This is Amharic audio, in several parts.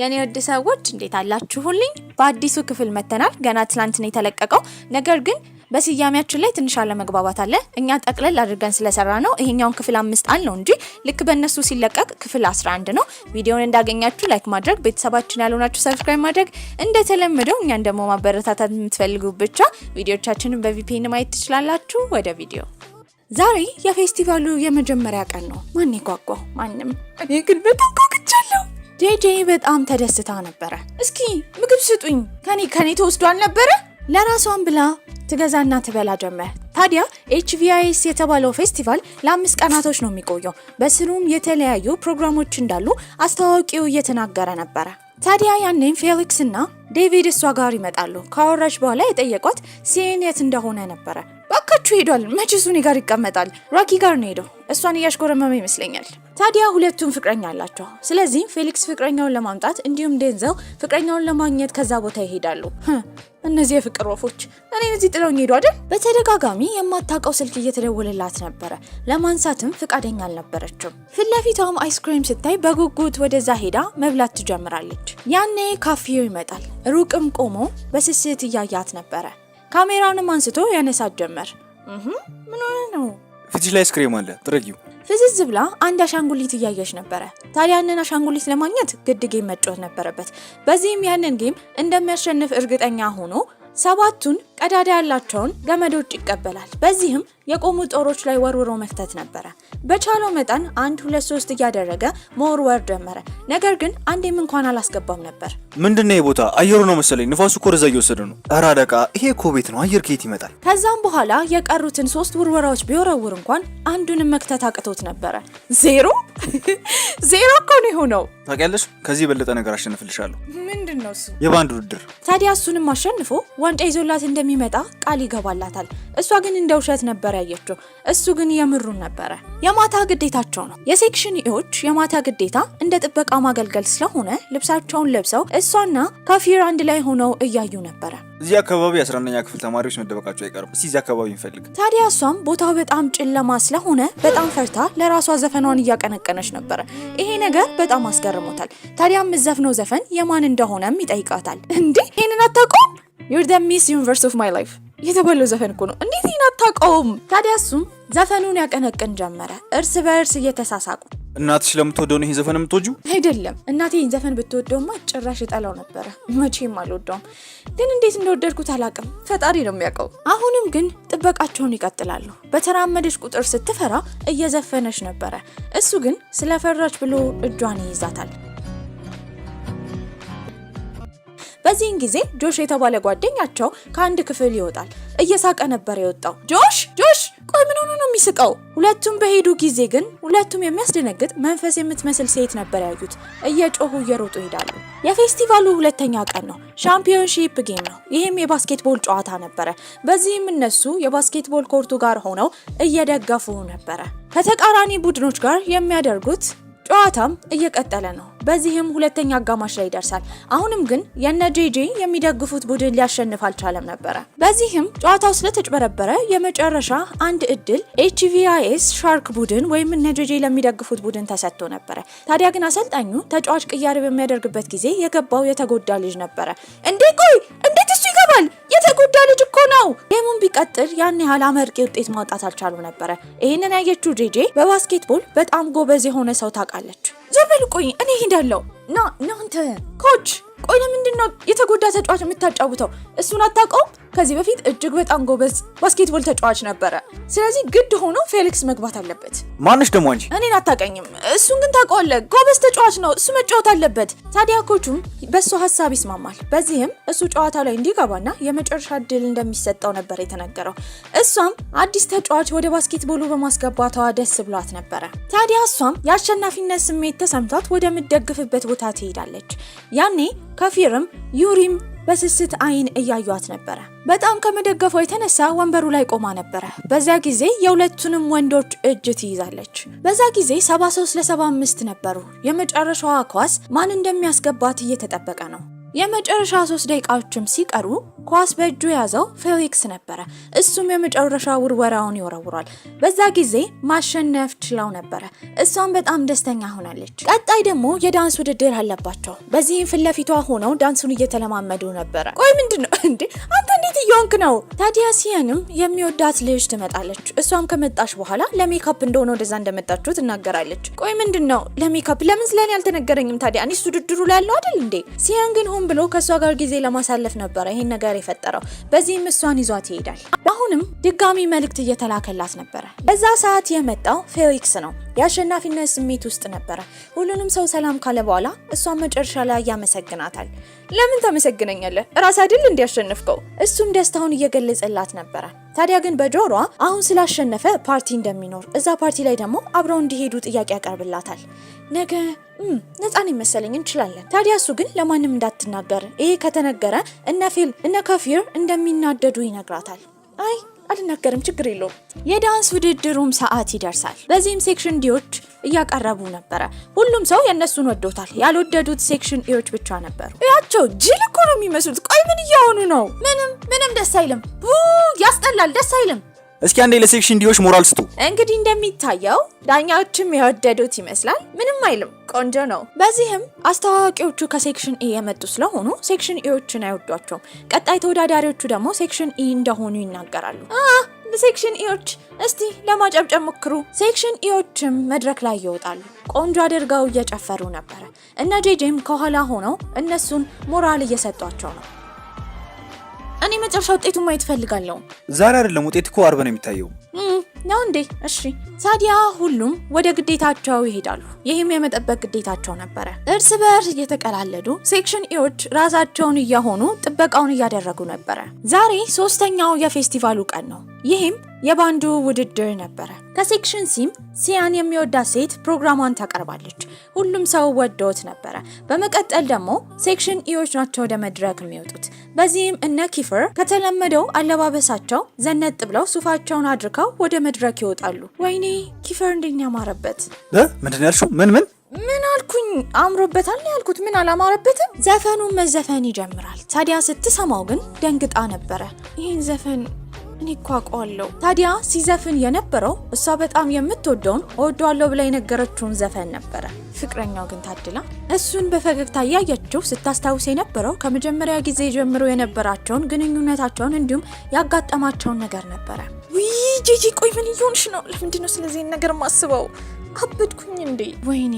የኔ ውድ ሰዎች እንዴት አላችሁልኝ? በአዲሱ ክፍል መተናል። ገና ትላንት ነው የተለቀቀው። ነገር ግን በስያሜያችን ላይ ትንሽ አለመግባባት አለ። እኛ ጠቅለል አድርገን ስለሰራ ነው ይሄኛውን ክፍል አምስት አል ነው እንጂ ልክ በእነሱ ሲለቀቅ ክፍል 11 ነው። ቪዲዮን እንዳገኛችሁ ላይክ ማድረግ፣ ቤተሰባችን ያልሆናችሁ ሰብስክራይብ ማድረግ፣ እንደተለመደው እኛን ደግሞ ማበረታታት የምትፈልጉ ብቻ ቪዲዮቻችንን በቪፒን ማየት ትችላላችሁ። ወደ ቪዲዮ ዛሬ የፌስቲቫሉ የመጀመሪያ ቀን ነው። ማን ይጓጓው? ማንም። እኔ ግን በጣም ጓጉቻለሁ። ጄጄ በጣም ተደስታ ነበረ። እስኪ ምግብ ስጡኝ ከኔ ከኔ ተወስዷል ነበረ ለራሷን ብላ ትገዛና ትበላ ጀመር። ታዲያ ኤችቪአይኤስ የተባለው ፌስቲቫል ለአምስት ቀናቶች ነው የሚቆየው። በስሩም የተለያዩ ፕሮግራሞች እንዳሉ አስተዋቂው እየተናገረ ነበረ። ታዲያ ያኔም ፌሊክስ እና ዴቪድ እሷ ጋር ይመጣሉ። ካወራች በኋላ የጠየቋት ሲኤን የት እንደሆነ ነበረ። ባካችሁ ሄዷል። መቼ እሱ እኔ ጋር ይቀመጣል? ራኪ ጋር ነው ሄደው እሷን እያሽኮረመመ ይመስለኛል። ታዲያ ሁለቱም ፍቅረኛ አላቸው። ስለዚህም ፌሊክስ ፍቅረኛውን ለማምጣት እንዲሁም ደንዘው ፍቅረኛውን ለማግኘት ከዛ ቦታ ይሄዳሉ። እነዚህ የፍቅር ወፎች እኔ እዚህ ጥለውኝ ሄዱ አይደል? በተደጋጋሚ የማታውቀው ስልክ እየተደወለላት ነበረ። ለማንሳትም ፍቃደኛ አልነበረችም። ፊትለፊቷም አይስክሪም ስታይ በጉጉት ወደዛ ሄዳ መብላት ትጀምራለች። ያኔ ካፌው ይመጣል። ሩቅም ቆሞ በስስት እያያት ነበረ። ካሜራውንም አንስቶ ያነሳት ጀመር። ምን ሆነ ነው? ፊትሽ ላይ ስክሬም አለ ጥረጊው። ፍዝዝ ብላ አንድ አሻንጉሊት እያየች ነበረ። ታዲያ ያንን አሻንጉሊት ለማግኘት ግድ ጌም መጫወት ነበረበት። በዚህም ያንን ጌም እንደሚያሸንፍ እርግጠኛ ሆኖ ሰባቱን ቀዳዳ ያላቸውን ገመዶች ይቀበላል። በዚህም የቆሙ ጦሮች ላይ ወርውሮ መክተት ነበረ። በቻለው መጠን አንድ ሁለት ሶስት እያደረገ መወርወር ጀመረ። ነገር ግን አንዴም እንኳን አላስገባም ነበር። ምንድን ነው ቦታ አየሩ ነው መሰለኝ። ንፋሱ እኮ ወደዛ እየወሰደ ነው። ኧረ አለቃ፣ ይሄ እኮ ቤት ነው። አየር ከየት ይመጣል? ከዛም በኋላ የቀሩትን ሶስት ውርወራዎች ቢወረውር እንኳን አንዱንም መክተት አቅቶት ነበረ። ዜሮ ዜሮ እኮ ነው የሆነው። ታውቂያለሽ፣ ከዚህ የበለጠ ነገር አሸንፍልሻለሁ። ምንድን ነው እሱ? የባንድ ውድድር። ታዲያ እሱንም አሸንፎ ዋንጫ ይዞላት እንደ እንደሚመጣ ቃል ይገባላታል። እሷ ግን እንደ ውሸት ነበር ያየችው፣ እሱ ግን የምሩን ነበረ። የማታ ግዴታቸው ነው። የሴክሽን ኢዎች የማታ ግዴታ እንደ ጥበቃ ማገልገል ስለሆነ ልብሳቸውን ለብሰው እሷና ካፊር አንድ ላይ ሆነው እያዩ ነበረ። እዚህ አካባቢ 11ኛ ክፍል ተማሪዎች መደበቃቸው አይቀርም። እስኪ እዚህ አካባቢ እንፈልግ። ታዲያ እሷም ቦታው በጣም ጨለማ ስለሆነ በጣም ፈርታ ለራሷ ዘፈኗን እያቀነቀነች ነበረ። ይሄ ነገር በጣም አስገርሞታል። ታዲያም ዘፍነው ዘፈን የማን እንደሆነም ይጠይቃታል። እንዲህ ይህንን አታውቁም ዩር ደ ሚስ ዩኒቨርስ ኦፍ ማይ ላይፍ የተባለው ዘፈን እኮ ነው። እንዴት ይህን አታውቀውም? ታዲያ እሱም ዘፈኑን ያቀነቅን ጀመረ፣ እርስ በእርስ እየተሳሳቁ። እናትሽ ለምትወደው ነው ይሄ ዘፈን የምትወጁ? አይደለም እናቴ ይህን ዘፈን ብትወደውማ ጭራሽ እጠላው ነበረ። መቼም አልወደውም፣ ግን እንዴት እንደወደድኩት አላውቅም። ፈጣሪ ነው የሚያውቀው። አሁንም ግን ጥበቃቸውን ይቀጥላሉ። በተራመደች ቁጥር ስትፈራ እየዘፈነች ነበረ። እሱ ግን ስለፈራች ብሎ እጇን ይይዛታል። በዚህን ጊዜ ጆሽ የተባለ ጓደኛቸው ከአንድ ክፍል ይወጣል። እየሳቀ ነበር የወጣው። ጆሽ ጆሽ፣ ቆይ ምን ሆኖ ነው የሚስቀው? ሁለቱም በሄዱ ጊዜ ግን ሁለቱም የሚያስደነግጥ መንፈስ የምትመስል ሴት ነበር ያዩት። እየጮሁ እየሮጡ ይሄዳሉ። የፌስቲቫሉ ሁለተኛ ቀን ነው። ሻምፒዮንሺፕ ጌም ነው። ይህም የባስኬትቦል ጨዋታ ነበረ። በዚህም እነሱ የባስኬትቦል ኮርቱ ጋር ሆነው እየደገፉ ነበረ ከተቃራኒ ቡድኖች ጋር የሚያደርጉት ጨዋታም እየቀጠለ ነው። በዚህም ሁለተኛ አጋማሽ ላይ ይደርሳል። አሁንም ግን የነ ጄጄ የሚደግፉት ቡድን ሊያሸንፍ አልቻለም ነበረ። በዚህም ጨዋታው ስለተጭበረበረ የመጨረሻ አንድ እድል ኤችቪአይኤስ ሻርክ ቡድን ወይም እነ ጄጄ ለሚደግፉት ቡድን ተሰጥቶ ነበረ። ታዲያ ግን አሰልጣኙ ተጫዋች ቅያሬ በሚያደርግበት ጊዜ የገባው የተጎዳ ልጅ ነበረ። እንዴ ቆይ እንዴት እሱ ይገባል? የተጎዳ ልጅ እኮ ነው። ጌሙን ቢቀጥል ያን ያህል አመርቂ ውጤት ማውጣት አልቻሉም ነበረ። ይህንን ያየችው ጄጄ በባስኬትቦል በጣም ጎበዝ የሆነ ሰው ታውቃለች። ዞር በሉ ቆይ እኔ ሄዳለሁ። ና ኮች ቆይ ለምንድን ነው የተጎዳ ተጫዋች የምታጫውተው? እሱን አታውቀውም? ከዚህ በፊት እጅግ በጣም ጎበዝ ባስኬትቦል ተጫዋች ነበረ። ስለዚህ ግድ ሆኖ ፌሊክስ መግባት አለበት። ማንሽ ደሞ እንጂ እኔን አታቀኝም። እሱን ግን ታውቀዋለህ። ጎበዝ ተጫዋች ነው፣ እሱ መጫወት አለበት። ታዲያ ኮቹም በእሱ ሀሳብ ይስማማል። በዚህም እሱ ጨዋታ ላይ እንዲገባና የመጨረሻ እድል እንደሚሰጠው ነበር የተነገረው። እሷም አዲስ ተጫዋች ወደ ባስኬትቦሉ በማስገባቷ ደስ ብሏት ነበረ። ታዲያ እሷም የአሸናፊነት ስሜት ተሰምቷት ወደምትደግፍበት ቦታ ትሄዳለች። ያኔ ከፊርም ዩሪም በስስት አይን እያዩት ነበረ። በጣም ከመደገፏ የተነሳ ወንበሩ ላይ ቆማ ነበረ። በዛ ጊዜ የሁለቱንም ወንዶች እጅ ትይዛለች። በዛ ጊዜ 73 ለ75 ነበሩ። የመጨረሻዋ ኳስ ማን እንደሚያስገባት እየተጠበቀ ነው። የመጨረሻ ሶስት ደቂቃዎችም ሲቀሩ ኳስ በእጁ ያዘው ፌሊክስ ነበረ። እሱም የመጨረሻ ውርወራውን ይወረውራል። በዛ ጊዜ ማሸነፍ ችላው ነበረ። እሷም በጣም ደስተኛ ሆናለች። ቀጣይ ደግሞ የዳንስ ውድድር አለባቸው። በዚህም ፊት ለፊቷ ሆነው ዳንሱን እየተለማመዱ ነበረ። ቆይ ምንድን ነው እንዴ አንተ እንዴት እየሆንክ ነው? ታዲያ ሲየንም የሚወዳት ልጅ ትመጣለች። እሷም ከመጣች በኋላ ለሜካፕ እንደሆነ ወደዛ እንደመጣችሁ ትናገራለች። ቆይ ምንድን ነው ለሜካፕ ለምን ስለኔ አልተነገረኝም? ታዲያ እኔስ ውድድሩ ላይ አለው አይደል እንዴ? ሲያን ግን ሆን ብሎ ከእሷ ጋር ጊዜ ለማሳለፍ ነበረ ይሄን ነገር ነበር የፈጠረው። በዚህም እሷን ይዟት ይሄዳል። አሁንም ድጋሚ መልእክት እየተላከላት ነበረ። በዛ ሰዓት የመጣው ፌሊክስ ነው። የአሸናፊነት ስሜት ውስጥ ነበረ። ሁሉንም ሰው ሰላም ካለ በኋላ እሷን መጨረሻ ላይ ያመሰግናታል። ለምን ታመሰግነኛለህ? ራስ አይደል እንዲያሸንፍከው? እሱም ደስታውን እየገለጸላት ነበረ። ታዲያ ግን በጆሯ አሁን ስላሸነፈ ፓርቲ እንደሚኖር እዛ ፓርቲ ላይ ደግሞ አብረው እንዲሄዱ ጥያቄ ያቀርብላታል። ነገ ነፃን መሰለኝ እንችላለን። ታዲያ እሱ ግን ለማንም እንዳትናገር፣ ይሄ ከተነገረ እነ ፊል እነ ከፊር እንደሚናደዱ ይነግራታል። አይ አልናገርም፣ ችግር የለውም። የዳንስ ውድድሩም ሰዓት ይደርሳል። በዚህም ሴክሽን ዲዎች እያቀረቡ ነበረ። ሁሉም ሰው የእነሱን ወዶታል። ያልወደዱት ሴክሽን ኤዎች ብቻ ነበሩ። እያቸው ጅል እኮ ነው የሚመስሉት። ቆይ ምን እያሆኑ ነው? ምንም ምንም፣ ደስ አይልም። ያስጠላል፣ ደስ አይልም። እስኪ አንዴ ለሴክሽን ዲዎች ሞራል ስጡ። እንግዲህ እንደሚታየው ዳኛዎችም የወደዱት ይመስላል። ምንም አይልም፣ ቆንጆ ነው። በዚህም አስተዋዋቂዎቹ ከሴክሽን ኤ e የመጡ ስለሆኑ ሴክሽን ኤዎችን አይወዷቸውም። ቀጣይ ተወዳዳሪዎቹ ደግሞ ሴክሽን ኢ e እንደሆኑ ይናገራሉ። ሴክሽን ኢዎች እስቲ ለማጨብጨብ ሞክሩ። ሴክሽን ኢዎችም መድረክ ላይ ይወጣሉ። ቆንጆ አድርገው እየጨፈሩ ነበረ። እነ ጄጄም ከኋላ ሆነው እነሱን ሞራል እየሰጧቸው ነው። እኔ መጨረሻ ውጤቱን ማየት እፈልጋለሁ። ዛሬ አይደለም፣ ውጤት እኮ አርብ ነው የሚታየው። ነው እንዴ? እሺ። ታዲያ ሁሉም ወደ ግዴታቸው ይሄዳሉ። ይህም የመጠበቅ ግዴታቸው ነበረ። እርስ በእርስ እየተቀላለዱ ሴክሽን ኤዎች ራሳቸውን እያሆኑ ጥበቃውን እያደረጉ ነበረ። ዛሬ ሶስተኛው የፌስቲቫሉ ቀን ነው። ይህም የባንዱ ውድድር ነበረ። ከሴክሽን ሲም ሲያን የሚወዳት ሴት ፕሮግራሟን ታቀርባለች። ሁሉም ሰው ወዶት ነበረ። በመቀጠል ደግሞ ሴክሽን ኢዎች ናቸው ወደ መድረክ የሚወጡት። በዚህም እነ ኪፈር ከተለመደው አለባበሳቸው ዘነጥ ብለው ሱፋቸውን አድርገው ወደ መድረክ ይወጣሉ። ወይኔ ኪፈር እንደኛ ማረበት። ምንድን ያልሽው? ምን ምን ምን አልኩኝ? አምሮበታል ያልኩት ምን አላማረበትም። ዘፈኑን መዘፈን ይጀምራል። ታዲያ ስትሰማው ግን ደንግጣ ነበረ። ይህን ዘፈን እኔ እኮ አውቀዋለሁ። ታዲያ ሲዘፍን የነበረው እሷ በጣም የምትወደውን እወደዋለሁ ብላ የነገረችውን ዘፈን ነበረ። ፍቅረኛው ግን ታድላ እሱን በፈገግታ እያየችው ስታስታውስ የነበረው ከመጀመሪያ ጊዜ ጀምሮ የነበራቸውን ግንኙነታቸውን እንዲሁም ያጋጠማቸውን ነገር ነበረ። ውይ ጂጂ፣ ቆይ ምን እየሆንሽ ነው? ለምንድን ነው ስለዚህን ነገር ማስበው? አበድኩኝ እንዴ? ወይኔ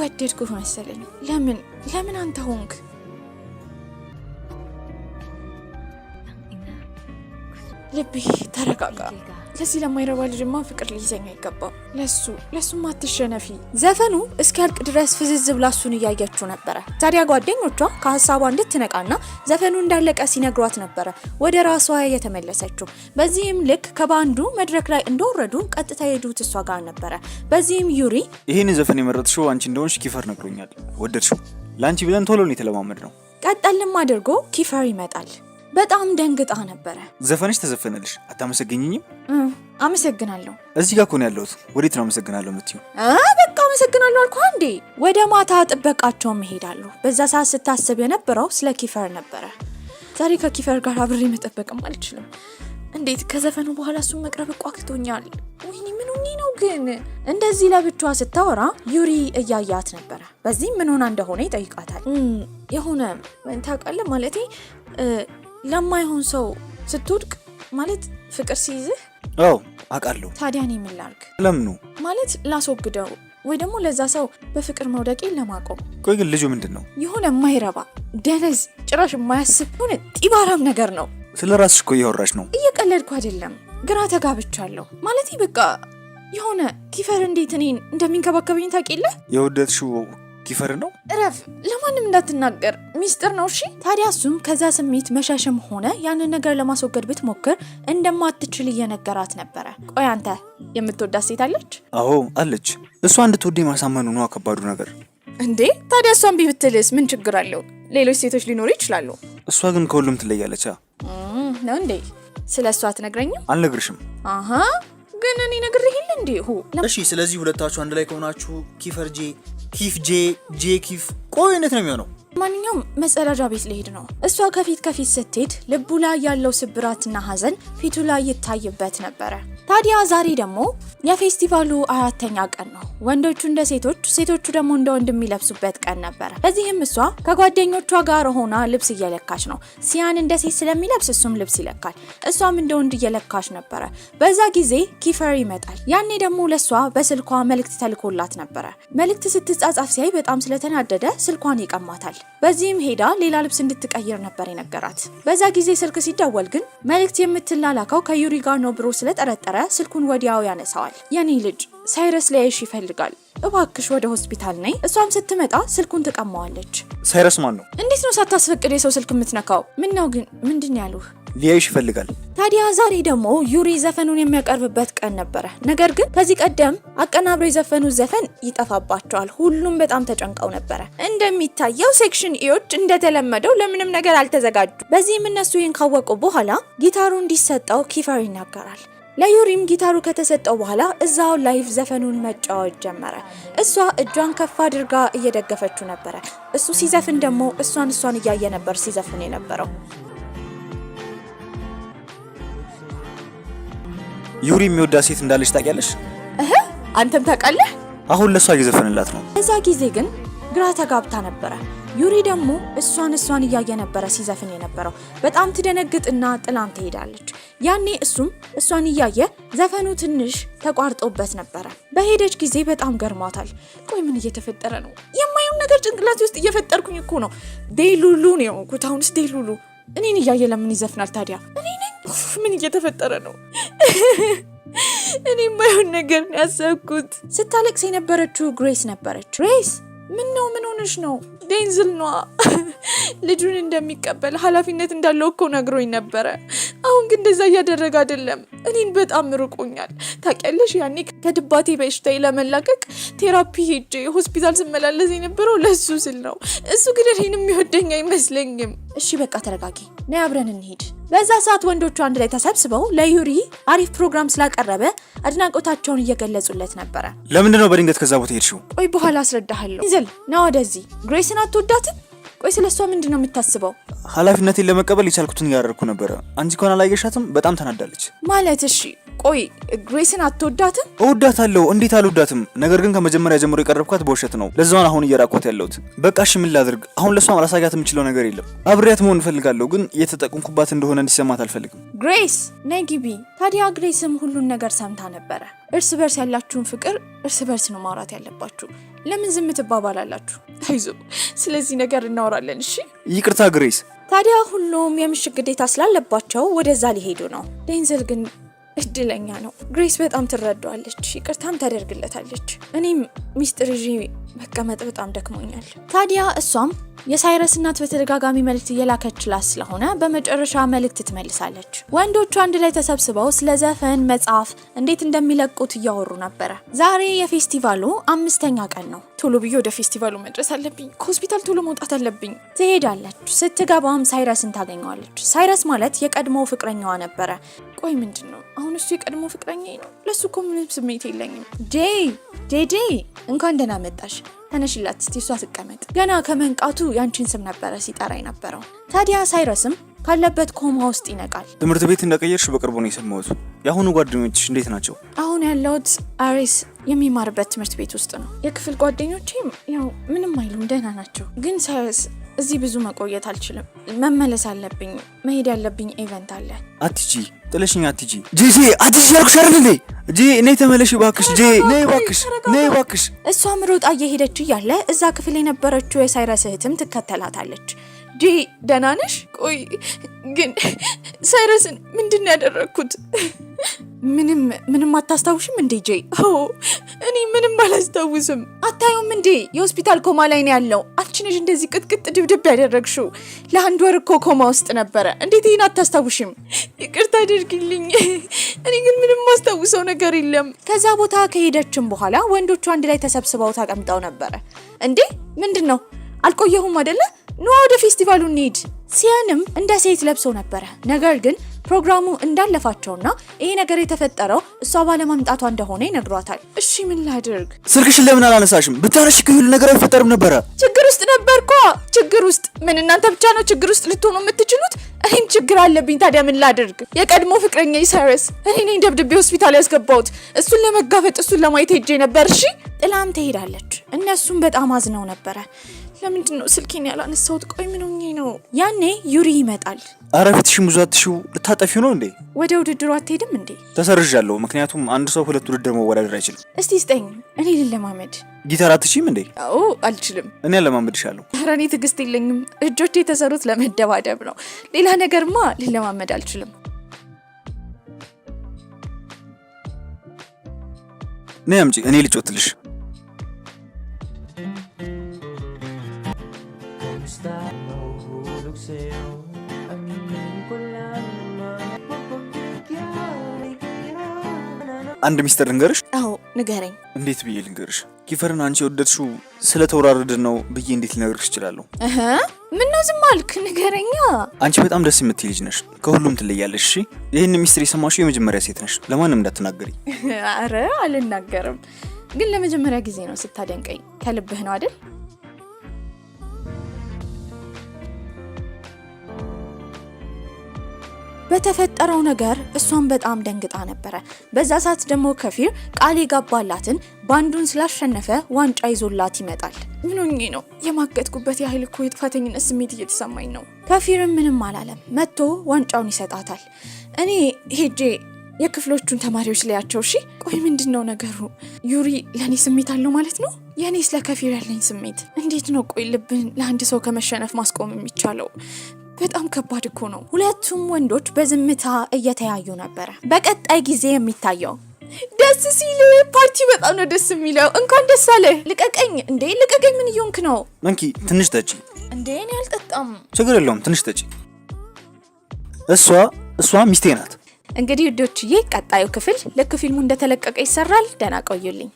ወደድኩህ መሰለኝ። ለምን ለምን አንተ ሆንክ? ልቤ ተረጋጋ። ለዚህ ለማይረባ ልጅማ ፍቅር ሊይዘኝ አይገባም። ለሱ ለሱም አትሸነፊ። ዘፈኑ እስኪያልቅ ድረስ ፍዝዝ ብላ እሱን እያየችው ነበረ። ታዲያ ጓደኞቿ ከሀሳቧ እንድትነቃና ዘፈኑ እንዳለቀ ሲነግሯት ነበረ ወደ ራሷ የተመለሰችው። በዚህም ልክ ከባንዱ መድረክ ላይ እንደወረዱ ቀጥታ የሄዱት እሷ ጋር ነበረ። በዚህም ዩሪ ይህን ዘፈን የመረጥሽው አንቺ እንደሆንሽ ኪፈር ነግሮኛል፣ ወደድሽው። ለአንቺ ብለን ቶሎ የተለማመድ ነው። ቀጠልም አድርጎ ኪፈር ይመጣል። በጣም ደንግጣ ነበረ። ዘፈንሽ ተዘፈነልሽ፣ አታመሰግኝኝም? አመሰግናለሁ። እዚህ ጋር እኮ ነው ያለሁት። ወዴት ነው አመሰግናለሁ የምትይው? በቃ አመሰግናለሁ አልኩ። አንዴ ወደ ማታ ጥበቃቸውን መሄዳለሁ። በዛ ሰዓት ስታስብ የነበረው ስለ ኪፈር ነበረ። ዛሬ ከኪፈር ጋር አብሬ መጠበቅም አልችልም። እንዴት ከዘፈኑ በኋላ እሱን መቅረብ እቋክቶኛል። ወይኔ ምን ሆኜ ነው ግን? እንደዚህ ለብቻዋ ስታወራ ዩሪ እያያት ነበረ። በዚህ ምን ሆና እንደሆነ ይጠይቃታል። የሆነ ታውቃለህ ማለቴ ለማይሆን ሰው ስትወድቅ ማለት ፍቅር ሲይዝህ አው አቃሉ ታዲያ ኔ ምን ለምኑ ማለት ላስወግደው ወይ ደግሞ ለዛ ሰው በፍቅር መውደቄ ለማቆም። ቆይ ግን ልጁ ምንድን ነው? የሆነ የማይረባ ደነዝ፣ ጭራሽ የማያስብ የሆነ ጢባራም ነገር ነው። ስለ ራስሽ እኮ እየወራሽ ነው። እየቀለድኩ አይደለም፣ ግራ ተጋብቻለሁ። ማለት በቃ የሆነ ኪፈር እንዴት እኔን ታቂለ የውደት የወደድሽው ኪፈር ነው። እረፍ፣ ለማንም እንዳትናገር፣ ሚስጥር ነው። እሺ። ታዲያ እሱም ከዛ ስሜት መሻሸም ሆነ ያንን ነገር ለማስወገድ ብትሞክር እንደማትችል እየነገራት ነበረ። ቆይ አንተ የምትወዳት ሴት አለች? አዎ አለች። እሷ እንድትወደ ማሳመኑ ነው ከባዱ ነገር። እንዴ ታዲያ እሷን ቢ ብትልስ ምን ችግር አለው? ሌሎች ሴቶች ሊኖሩ ይችላሉ። እሷ ግን ከሁሉም ትለያለች። ነው እንዴ? ስለ እሷ አትነግረኝም? አልነግርሽም። ግን እኔ ነግሬህ የለ እንዲሁ። እሺ። ስለዚህ ሁለታችሁ አንድ ላይ ከሆናችሁ ኪፈርጄ ኪፍ ጄ ጄ ኪፍ ቆይነት ነው የሚሆነው። ማንኛውም መጸዳጃ ቤት ሊሄድ ነው። እሷ ከፊት ከፊት ስትሄድ ልቡ ላይ ያለው ስብራትና ሀዘን ፊቱ ላይ ይታይበት ነበረ። ታዲያ ዛሬ ደግሞ የፌስቲቫሉ አራተኛ ቀን ነው። ወንዶቹ እንደ ሴቶች፣ ሴቶቹ ደግሞ እንደ ወንድ የሚለብሱበት ቀን ነበረ። በዚህም እሷ ከጓደኞቿ ጋር ሆና ልብስ እየለካች ነው። ሲያን እንደ ሴት ስለሚለብስ እሱም ልብስ ይለካል። እሷም እንደ ወንድ እየለካች ነበረ። በዛ ጊዜ ኪፈር ይመጣል። ያኔ ደግሞ ለእሷ በስልኳ መልእክት ተልኮላት ነበረ። መልእክት ስትጻጻፍ ሲያይ በጣም ስለተናደደ ስልኳን ይቀማታል። በዚህም ሄዳ ሌላ ልብስ እንድትቀይር ነበር የነገራት። በዛ ጊዜ ስልክ ሲደወል ግን መልእክት የምትላላከው ከዩሪ ጋር ነው ብሎ ስለጠረጠረ ስልኩን ወዲያው ያነሳዋል። የኔ ልጅ ሳይረስ ሊያይሽ ይፈልጋል። እባክሽ ወደ ሆስፒታል ነይ። እሷም ስትመጣ ስልኩን ትቀማዋለች። ሳይረስ ማን ነው? እንዴት ነው ሳታስፈቅድ የሰው ስልክ የምትነካው? ምን ነው ግን ምንድን ያሉህ? ሊያይሽ ይፈልጋል። ታዲያ ዛሬ ደግሞ ዩሪ ዘፈኑን የሚያቀርብበት ቀን ነበረ። ነገር ግን ከዚህ ቀደም አቀናብሮ የዘፈኑ ዘፈን ይጠፋባቸዋል። ሁሉም በጣም ተጨንቀው ነበረ። እንደሚታየው ሴክሽን ኢዎች እንደተለመደው ለምንም ነገር አልተዘጋጁ። በዚህም እነሱ ይህን ካወቁ በኋላ ጊታሩ እንዲሰጠው ኪፈር ይናገራል። ለዩሪም ጊታሩ ከተሰጠው በኋላ እዛው ላይቭ ዘፈኑን መጫወት ጀመረ። እሷ እጇን ከፍ አድርጋ እየደገፈችው ነበረ። እሱ ሲዘፍን ደግሞ እሷን እሷን እያየ ነበር ሲዘፍን የነበረው። ዩሪ የሚወዳ ሴት እንዳለች ታውቂያለሽ? እህ አንተም ታውቃለህ? አሁን ለእሷ እየዘፈንላት ነው። በዛ ጊዜ ግን ግራ ተጋብታ ነበረ። ዩሪ ደግሞ እሷን እሷን እያየ ነበረ ሲዘፍን የነበረው። በጣም ትደነግጥና ጥላም ትሄዳለች። ያኔ እሱም እሷን እያየ ዘፈኑ ትንሽ ተቋርጦበት ነበረ። በሄደች ጊዜ በጣም ገርሟታል። ቆይ ምን እየተፈጠረ ነው? የማየውን ነገር ጭንቅላት ውስጥ እየፈጠርኩኝ እኮ ነው። ዴሉሉ ነው ያውቁት። አሁንስ ዴሉሉ እኔን እያየ ለምን ይዘፍናል ታዲያ? እኔ ምን እየተፈጠረ ነው? እኔ የማየውን ነገር ያሰብኩት። ስታለቅስ የነበረችው ግሬስ ነበረች። ግሬስ ምን ነው? ምን ሆነሽ ነው? ዴንዝል ነዋ ልጁን እንደሚቀበል ኃላፊነት እንዳለው እኮ ነግሮኝ ነበረ። አሁን ግን እንደዛ እያደረገ አይደለም። እኔን በጣም ርቆኛል ታውቂያለሽ። ያኔ ከድባቴ በሽታዬ ለመላቀቅ ቴራፒ ሄጄ ሆስፒታል ስመላለስ የነበረው ለሱ ስል ነው። እሱ ግን እኔን የሚወደኝ አይመስለኝም። እሺ በቃ ተረጋጊ፣ ነይ አብረን እንሄድ በዛ ሰዓት ወንዶቹ አንድ ላይ ተሰብስበው ለዩሪ አሪፍ ፕሮግራም ስላቀረበ አድናቆታቸውን እየገለጹለት ነበረ። ለምንድን ነው በድንገት ከዛ ቦታ ሄድሽው? ቆይ በኋላ አስረዳሃለሁ። ይዘል ና ወደዚህ። ግሬስን አትወዳትም? ቆይ ስለሷ ምንድን ነው የምታስበው? ኃላፊነቴን ለመቀበል የቻልኩትን እያደረግኩ ነበረ። አንቺ ከሆነ አላየሻትም፣ በጣም ተናዳለች ማለት። እሺ ቆይ ግሬስን አትወዳትም? እወዳታለሁ፣ እንዴት አልወዳትም? ነገር ግን ከመጀመሪያ ጀምሮ የቀረብኳት በውሸት ነው። ለዛን አሁን እየራኳት ያለሁት። በቃ እሺ ምን ላድርግ? አሁን ለሷ ማላሳያት የምችለው ነገር የለም። አብሬያት መሆን እፈልጋለሁ፣ ግን የተጠቀምኩባት እንደሆነ እንዲሰማት አልፈልግም። ግሬስ ነይ ግቢ። ታዲያ ግሬስም ሁሉን ነገር ሰምታ ነበረ። እርስ በርስ ያላችሁን ፍቅር እርስ በርስ ነው ማውራት ያለባችሁ። ለምን ዝም ትባባላላችሁ? አይዞ ስለዚህ ነገር እናወራለን። እሺ ይቅርታ ግሬስ። ታዲያ ሁሉም የምሽት ግዴታ ስላለባቸው ወደዛ ሊሄዱ ነው። ዴንዘል ግን እድለኛ ነው። ግሬስ በጣም ትረዳዋለች፣ ይቅርታም ታደርግለታለች። እኔም ሚስጥር ይዤ መቀመጥ በጣም ደክሞኛል። ታዲያ እሷም የሳይረስ እናት በተደጋጋሚ መልእክት እየላከችላት ስለሆነ በመጨረሻ መልእክት ትመልሳለች። ወንዶቹ አንድ ላይ ተሰብስበው ስለ ዘፈን መጽሐፍ እንዴት እንደሚለቁት እያወሩ ነበረ። ዛሬ የፌስቲቫሉ አምስተኛ ቀን ነው። ቶሎ ብዬ ወደ ፌስቲቫሉ መድረስ አለብኝ። ከሆስፒታል ቶሎ መውጣት አለብኝ። ትሄዳለች። ስትገባም ሳይረስን ታገኘዋለች። ሳይረስ ማለት የቀድሞ ፍቅረኛዋ ነበረ። ቆይ ምንድን ነው አሁን? እሱ የቀድሞ ፍቅረኛ ነው። ለእሱ እኮ ምንም ስሜት የለኝም። ዴ ዴዴ እንኳን ደህና መጣሽ። ተነሽላት እስቲ እሷ ትቀመጥ። ገና ከመንቃቱ ያንቺን ስም ነበረ ሲጠራ የነበረው። ታዲያ ሳይረስም ካለበት ኮማ ውስጥ ይነቃል። ትምህርት ቤት እንደቀየርሽ በቅርቡ ነው የሰማሁት። የአሁኑ ጓደኞችሽ እንዴት ናቸው? አሁን ያለሁት አሬስ የሚማርበት ትምህርት ቤት ውስጥ ነው። የክፍል ጓደኞቼም ያው ምንም አይሉም፣ ደህና ናቸው። ግን ሳይረስ እዚህ ብዙ መቆየት አልችልም። መመለስ አለብኝ። መሄድ ያለብኝ ኢቨንት አለ። አትጂ ጥለሽኝ አትጂ ጂጂ አትጂ ያልኩሽ አይደል እንዴ? ጂ እኔ ተመለሽ ባክሽ፣ ጂ ነይ ባክሽ፣ ነይ ባክሽ። እሷም ሮጣ እየሄደች እያለ እዛ ክፍል የነበረችው የሳይረስ እህትም ትከተላታለች። ጂ ደህና ነሽ? ቆይ ግን ሳይረስን ምንድን ያደረግኩት? ምንም ምንም አታስታውሽም እንዴ ጄ? እኔ ምንም አላስታውስም። አታዩም እንዴ የሆስፒታል ኮማ ላይ ነው ያለው። አንቺ ነሽ እንደዚህ ቅጥቅጥ ድብድብ ያደረግሽው። ለአንድ ወር እኮ ኮማ ውስጥ ነበረ። እንዴት ይህን አታስታውሽም? ይቅርታ አድርግልኝ። እኔ ግን ምንም ማስታውሰው ነገር የለም። ከዛ ቦታ ከሄደችም በኋላ ወንዶቹ አንድ ላይ ተሰብስበው ተቀምጠው ነበረ። እንዴ ምንድን ነው አልቆየሁም አደለ? ኑ ወደ ፌስቲቫሉ እንሂድ። ሲያንም እንደ ሴት ለብሶ ነበረ፣ ነገር ግን ፕሮግራሙ እንዳለፋቸውና ይሄ ነገር የተፈጠረው እሷ ባለማምጣቷ እንደሆነ ይነግሯታል። እሺ ምን ላድርግ? ስልክሽን ለምን አላነሳሽም? ብታነሽ ከሁሉ ነገር አይፈጠርም ነበረ። ችግር ውስጥ ነበርኳ። ችግር ውስጥ ምን እናንተ ብቻ ነው ችግር ውስጥ ልትሆኑ የምትችሉት? እኔም ችግር አለብኝ። ታዲያ ምን ላድርግ? የቀድሞ ፍቅረኛ ሳይረስ እኔ ነኝ ደብድቤ ሆስፒታል ያስገባሁት። እሱን ለመጋፈጥ እሱን ለማየት ሄጄ ነበር። እሺ ጥላም ትሄዳለች። እነሱም በጣም አዝነው ነበረ። ለምንድን ነው ስልኬን ያላነሳሁት? ቆይ ምን ሆኜ ነው? ያኔ ዩሪ ይመጣል። አረ ፊትሽን ብዙ አትሺው፣ ልታጠፊው ነው እንዴ? ወደ ውድድሩ አትሄድም እንዴ? ተሰርዣለሁ። ምክንያቱም አንድ ሰው ሁለት ውድድር መወዳደር አይችልም። እስቲ ስጠኝ፣ እኔ ልለማመድ። ጊታር አትሽም እንዴ? አዎ አልችልም። እኔ አለማመድሻለሁ። አረ እኔ ትዕግስት የለኝም። እጆች የተሰሩት ለመደባደብ ነው። ሌላ ነገርማ ልለማመድ አልችልም። ነይ አምጪ፣ እኔ ልጮትልሽ አንድ ሚስጥር ልንገርሽ። አዎ ንገረኝ። እንዴት ብዬ ልንገርሽ? ኪፈርን አንቺ የወደድሽው ስለተወራረድን ነው ብዬ እንዴት ልነግርሽ እችላለሁ? ምነው ዝም አልክ? ንገረኛ። አንቺ በጣም ደስ የምትይ ልጅ ነሽ፣ ከሁሉም ትለያለሽ። እሺ፣ ይህን ሚስጥር የሰማሽው የመጀመሪያ ሴት ነሽ። ለማንም እንዳትናገሪ። አረ አልናገርም፣ ግን ለመጀመሪያ ጊዜ ነው ስታደንቀኝ። ከልብህ ነው አይደል? በተፈጠረው ነገር እሷን በጣም ደንግጣ ነበረ። በዛ ሰዓት ደግሞ ከፊር ቃል የጋባላትን ባንዱን ስላሸነፈ ዋንጫ ይዞላት ይመጣል። ምንኝ ነው የማገጥኩበት ያህል እኮ የጥፋተኝነት ስሜት እየተሰማኝ ነው። ከፊርም ምንም አላለም፣ መጥቶ ዋንጫውን ይሰጣታል። እኔ ሄጄ የክፍሎቹን ተማሪዎች ላያቸው። እሺ ቆይ ምንድን ነው ነገሩ? ዩሪ ለእኔ ስሜት አለው ማለት ነው? የእኔ ስለ ከፊር ያለኝ ስሜት እንዴት ነው? ቆይ ልብን ለአንድ ሰው ከመሸነፍ ማስቆም የሚቻለው በጣም ከባድ እኮ ነው። ሁለቱም ወንዶች በዝምታ እየተያዩ ነበረ። በቀጣይ ጊዜ የሚታየው ደስ ሲል ፓርቲ በጣም ነው ደስ የሚለው። እንኳን ደስ አለ። ልቀቀኝ እንዴ! ልቀቀኝ! ምን እየሆንክ ነው? መንኪ ትንሽ ጠጪ። እንዴ እኔ አልጠጣም። ችግር የለውም ትንሽ ጠጪ። እሷ እሷ ሚስቴ ናት። እንግዲህ ውዶችዬ፣ ቀጣዩ ክፍል ልክ ፊልሙ እንደተለቀቀ ይሰራል። ደህና ቆዩልኝ።